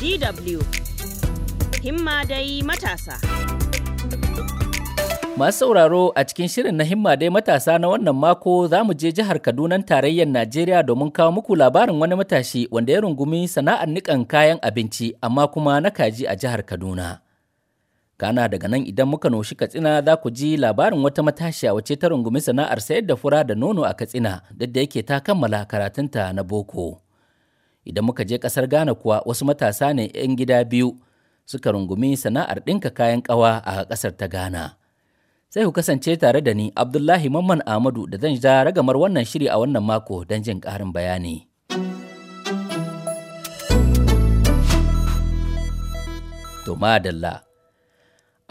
DW Himma dai matasa. Masu sauraro a cikin shirin na himma dai matasa na wannan mako za mu je jihar Kaduna tarayyar Najeriya domin kawo muku labarin wani matashi wanda ya rungumi sana'ar nikan kayan abinci amma kuma na kaji a jihar Kaduna. Kana daga nan idan muka noshi Katsina za ku ji labarin wata matashiya wace ta rungumi sana'ar sayar da fura da nono a Katsina duk da yake ta kammala karatunta na boko. Idan muka je ƙasar Ghana kuwa wasu matasa ne 'yan gida biyu suka rungumi sana'ar ɗinka kayan ƙawa a ƙasar ta Ghana. Sai ku kasance tare da ni Abdullahi Mamman Ahmadu da zan ja ragamar wannan shiri a wannan mako don jin ƙarin bayani.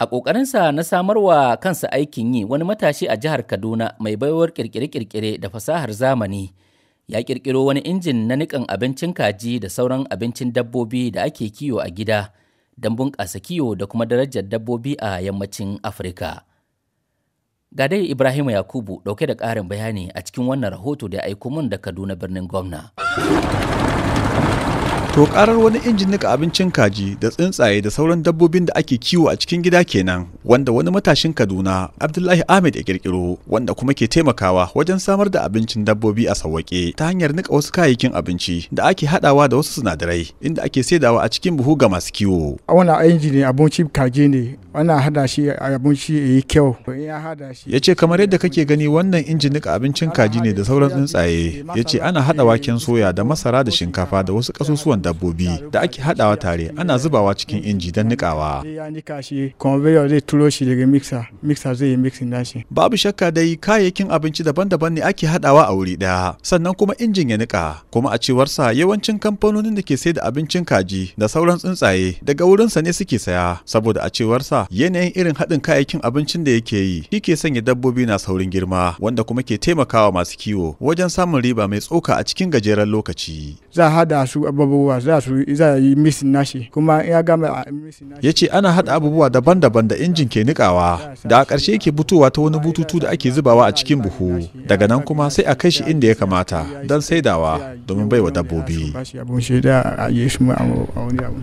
A ƙoƙarinsa na samarwa kansa aikin yi wani matashi a jihar Kaduna mai baiwar ƙirƙire-ƙirƙire da fasahar zamani ya ƙirƙiro wani injin na nikan abincin kaji da sauran abincin dabbobi da ake kiwo a gida don bunƙasa kiwo da kuma darajar dabbobi a yammacin Afirka. gadai ibrahimu Ibrahim Yakubu ɗauke da ƙarin bayani a cikin wannan rahoto da ya aiko mun da Kaduna birnin gwamna. To karar wani injin nika abincin kaji da tsuntsaye da sauran dabbobin da ake kiwo a cikin gida kenan wanda wani matashin Kaduna Abdullahi Ahmed ya kirkiro wanda kuma ke taimakawa wajen samar da abincin dabbobi a sawwake ta hanyar nika wasu kayayyakin abinci da ake hadawa da wasu sinadarai inda ake saidawa a cikin buhu ga masu kiwo. Wannan inji ne abincin kaji ne wannan hada shi abinci ya yi kyau. Ya ce kamar yadda kake gani wannan injin nika abincin kaji ne da sauran tsuntsaye ya ce ana hada waken soya da masara da shinkafa da wasu kasusuwan dabbobi da ake haɗawa tare ana zubawa cikin inji don niƙawa. Babu shakka dai kayayyakin abinci daban-daban ne ake haɗawa a wuri ɗaya sannan kuma injin ya nika kuma a cewarsa yawancin kamfanonin da ke sai da abincin kaji da sauran tsuntsaye daga wurinsa ne suke saya saboda a cewarsa yanayin irin haɗin kayayyakin abincin da yake yi shi ke sanya dabbobi na saurin girma wanda kuma ke taimakawa masu kiwo wajen samun riba mai tsoka a cikin gajeren lokaci. Za hada su abubuwa abubuwa ya ce ana hada abubuwa daban-daban da injin ke nikawa da a ƙarshe yake butowa ta wani bututu da ake zubawa a cikin buhu daga nan kuma sai a kai shi inda ya kamata don saidawa domin bai wa dabbobi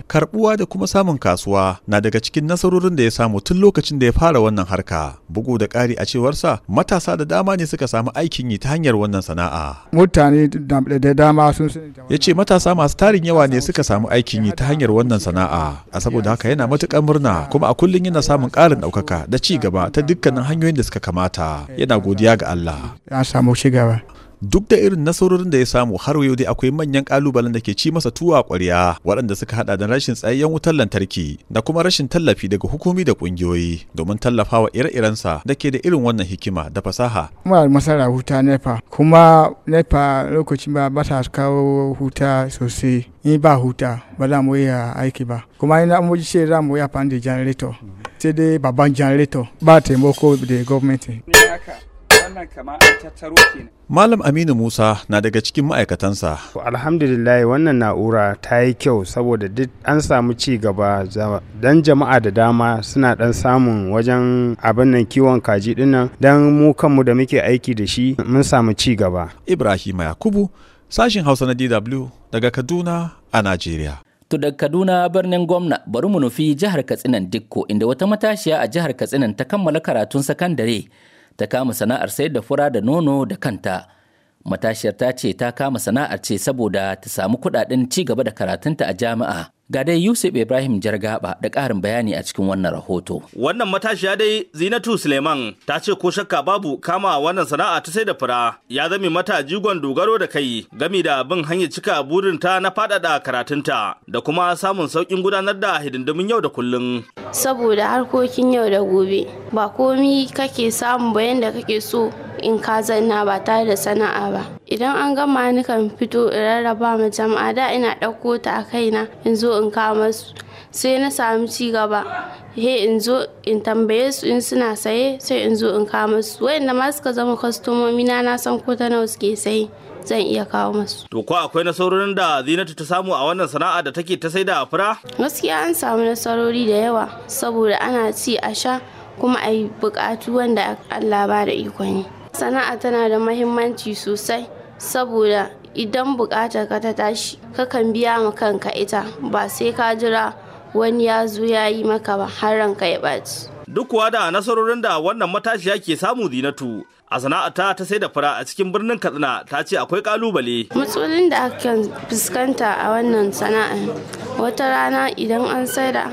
karbuwa da kuma samun kasuwa na daga cikin nasarorin da ya samu tun lokacin da ya fara wannan harka bugu da ƙari a cewarsa matasa da dama ne suka samu aikin yi ta hanyar wannan sana'a mutane da dama sun ya ce matasa masu tarin yawa yawa ne suka samu aikin yi ta hanyar wannan sana'a a saboda haka yana matuƙar murna kuma a kullum yana samun ƙarin ɗaukaka da ci gaba ta dukkanin hanyoyin da suka kamata yana godiya ga Allah. duk da irin nasarorin da ya samu har yau dai akwai manyan kalubalen da ke ci masa tuwa ƙwarya waɗanda suka hada da rashin tsayayyen wutar lantarki da kuma rashin tallafi daga hukumi da kungiyoyi domin tallafawa ire-irensa da ke da irin wannan hikima da fasaha. Muna masara huta nepa kuma nepa lokacin ba ba ta kawo huta sosai in ba huta ba za mu iya aiki ba kuma ina mu ce za mu iya fan da janareto sai dai babban janareto ba taimako da gwamnati. Malam Aminu Musa na daga cikin ma'aikatansa. Alhamdulillah wannan na'ura ta yi kyau saboda duk an samu ci gaba dan jama'a da dama suna dan samun wajen abin nan kiwon kaji dinnan dan mu kanmu da muke aiki da shi mun samu ci gaba. Ibrahim Yakubu sashin Hausa na DW daga Kaduna a Najeriya. To da Kaduna birnin gwamna bari mu nufi jihar katsina Dikko inda wata matashiya a jihar katsina ta kammala karatun sakandare ta kama sana'ar sayar da fura da nono da kanta matashiyar ta ce ta kama sana'ar ce saboda ta samu kudaden ci gaba da karatunta a jami'a Ga dai Yusuf Ibrahim Jargaba da ƙarin bayani a cikin wannan rahoto. Wannan matashiya dai Zinatu Suleiman ta ce ko shakka babu kama wannan sana'a ta sai da fura ya zame mata jigon dogaro da kai gami da bin hanyar cika burinta na faɗaɗa karatunta da kuma samun sauƙin gudanar da hidindimin yau da kullum. Saboda harkokin yau da gobe ba komi kake samu bayan da kake so in ka zanna ba tare da sana'a ba idan an gama ni kan fito in rarraba ma jama'a da ina ɗauko ta a kaina in zo in kawo masu sai na samu ci gaba he in zo in tambaye su in suna saye sai in zo in masu su wayanda ma suka zama kwastomomi na na san ko ta nawa suke saye zan iya kawo masu. To ko akwai nasarorin da Zinatu ta samu a wannan sana'a da take ta saida a fura? Gaskiya an samu nasarori da yawa saboda ana ci a sha kuma a yi bukatu wanda Allah ba da ikon yi. Sana'a tana da mahimmanci sosai saboda idan bukatar ka ta tashi kakan biya ma kanka ita ba sai ka jira wani ya zo ya yi maka ba har ranka ya ɓaci. Duk kuwa da nasarorin da wannan matashiya ke samu zinatu a sana'a ta sai da fara a cikin birnin Katsina ta ce akwai kalubale. Matsalolin da aka fuskanta a wannan sana'a wata rana idan an saida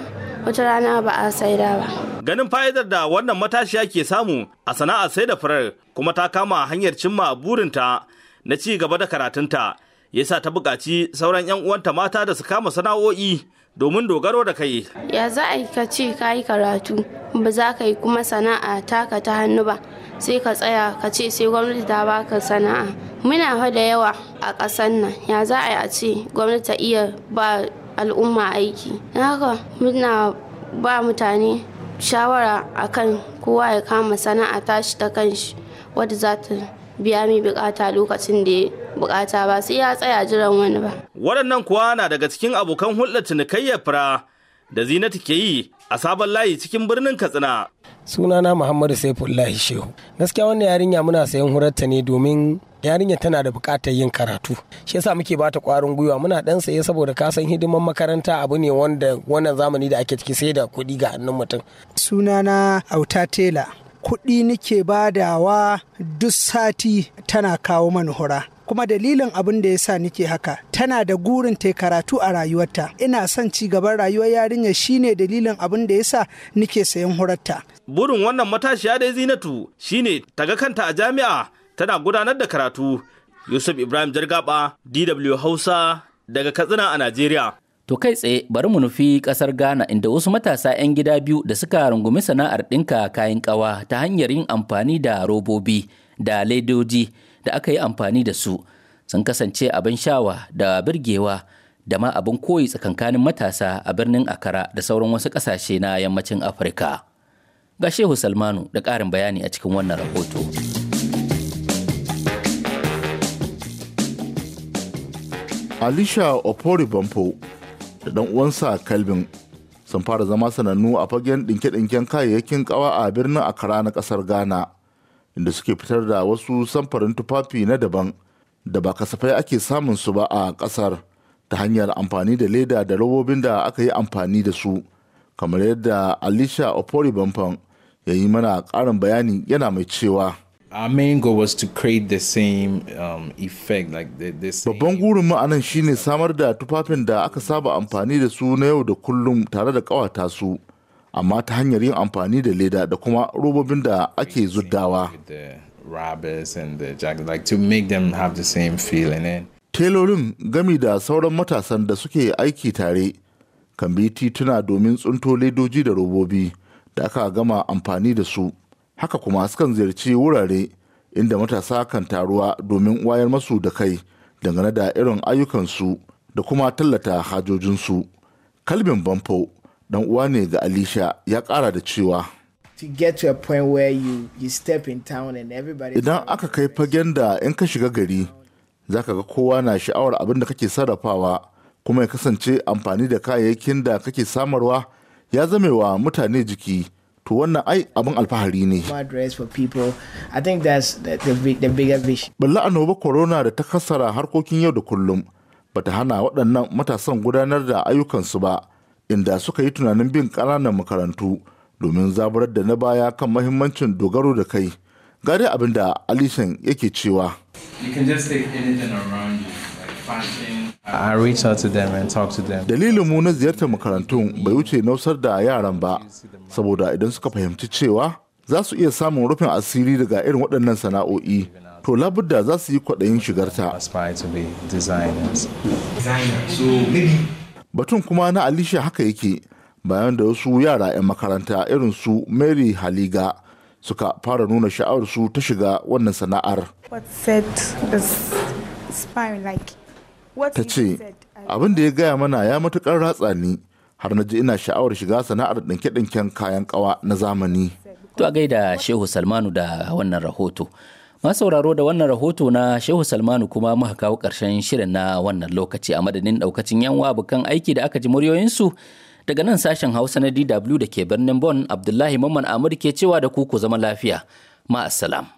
wata rana ba a saida ba. ganin fa'idar da wannan matashiya ke samu a sana'ar sai da farar kuma ta kama hanyar cimma burinta na ci gaba da karatunta yasa ta buƙaci sauran 'yan uwanta mata da su kama sana'o'i domin dogaro da kai ya za a ka ce ka yi karatu ba za ka yi kuma sana'a ta ka ta hannu ba sai ka tsaya ka ce sai gwamnati ta baka sana'a muna fa da yawa a ƙasar nan ya za a yi a ce gwamnati ta iya ba al'umma aiki haka muna ba mutane shawara akan kowa ya kama sana'a tashi ta kanshi wadda za ta biya mai bukata lokacin da ya bukata ba sai ya tsaya jiran wani ba. Wadannan kuwa na daga cikin abokan hulɗar cinikayyar fura da zinatu ke yi a sabon layi cikin birnin Katsina. Sunana Muhammadu Saifullahi Shehu. Gaskiya wannan yarinya muna sayan hurarta ne domin yarinya tana da bukatar yin karatu shi yasa muke bata kwarin gwiwa muna dan saye saboda ka san hidiman makaranta abu ne wanda wannan zamani da ake ciki sai da kuɗi ga hannun mutum sunana auta tela kuɗi nake badawa duk sati tana kawo man hura kuma dalilin abin da ya sa nike haka tana da gurin ta karatu a rayuwarta ina son ci gaban rayuwar yarinya shine dalilin abin da ya sa nike sayan hurarta burin wannan matashiya da zinatu shine ta ga kanta a jami'a tana gudanar da karatu yusuf ibrahim jargaba dw hausa daga katsina a najeriya To kai tsaye bari mu nufi kasar Ghana inda wasu matasa 'yan gida biyu da suka rungumi sana'ar ɗinka kayan kawa ta hanyar yin amfani da robobi da ledoji da aka yi amfani da su sun kasance abin shawa da birgewa da ma abin koyi tsakankanin matasa a birnin Akara da sauran wasu ƙasashe na yammacin Afirka. Ga Shehu Salmanu da ƙarin bayani a cikin wannan rahoto. Alisha Opori Bampo da ɗan uwansa kalbin sun fara zama sanannu a fagen ɗinke-ɗinken kayayyakin ƙawa a birnin Akara na ƙasar Ghana. inda suke fitar da wasu samfarin tufafi na daban da ba kasafai ake samun su ba a kasar ta hanyar amfani da leda da robobin da aka yi amfani da su kamar yadda alisha opori bamfan ya yi mana karin bayani yana mai cewa um, Babban gurin ma'anan shine samar da tufafin da aka saba amfani da su na yau da kullum tare da kawata su amma ta hanyar yin amfani da leda da kuma robobin da ake zuddawa. telolin gami da sauran matasan da suke aiki tare kan bi tituna domin tsunto ledoji da robobi da aka gama amfani da su. Haka kuma sukan ziyarci wurare inda matasa kan taruwa domin wayar masu da kai dangane da irin ayyukansu da kuma tallata hajojinsu. Kalbin Bamfo dan uwa ne ga alisha ya kara da cewa idan aka kai fagen da in ka shiga gari za ka ga kowa na sha'awar abin da kake sarrafawa kuma ya kasance amfani da kayayyakin da kake samarwa ya zame wa mutane jiki to wannan ai abin alfahari ne. Balla annoba corona da ta kasara harkokin yau da kullum bata hana waɗannan matasan gudanar da ayyukansu ba inda suka yi tunanin bin ƙananan makarantu domin zaburar da na baya kan mahimmancin dogaro da kai gari abin da alishan yake cewa uh, dalilin mu na ziyartar makarantun bai wuce nausar da yaran ba saboda idan suka fahimci cewa za su iya samun rufin asiri daga irin waɗannan sana'o'i to labudda za su yi kwaɗayin shigarta batun kuma na alisha haka yake bayan da wasu yara 'yan makaranta irin su mary haliga suka fara nuna sha'awar su ta shiga wannan sana'ar ta ce abin da ya gaya mana ya matukar ratsa ni har na ji ina sha'awar shiga sana'ar ɗinke-ɗinken kayan ƙawa na zamani to a gaida shehu salmanu da wannan rahoto Masu sauraro da wannan rahoto na Shehu Salmanu kuma muka kawo ƙarshen shirin na wannan lokaci a madadin ɗaukacin yanwa abokan aiki da aka ji muryoyinsu daga nan sashen Hausa na DW da ke birnin Bon Abdullahi Mamman Amur ke cewa da ku ku zama lafiya. Ma'assalam.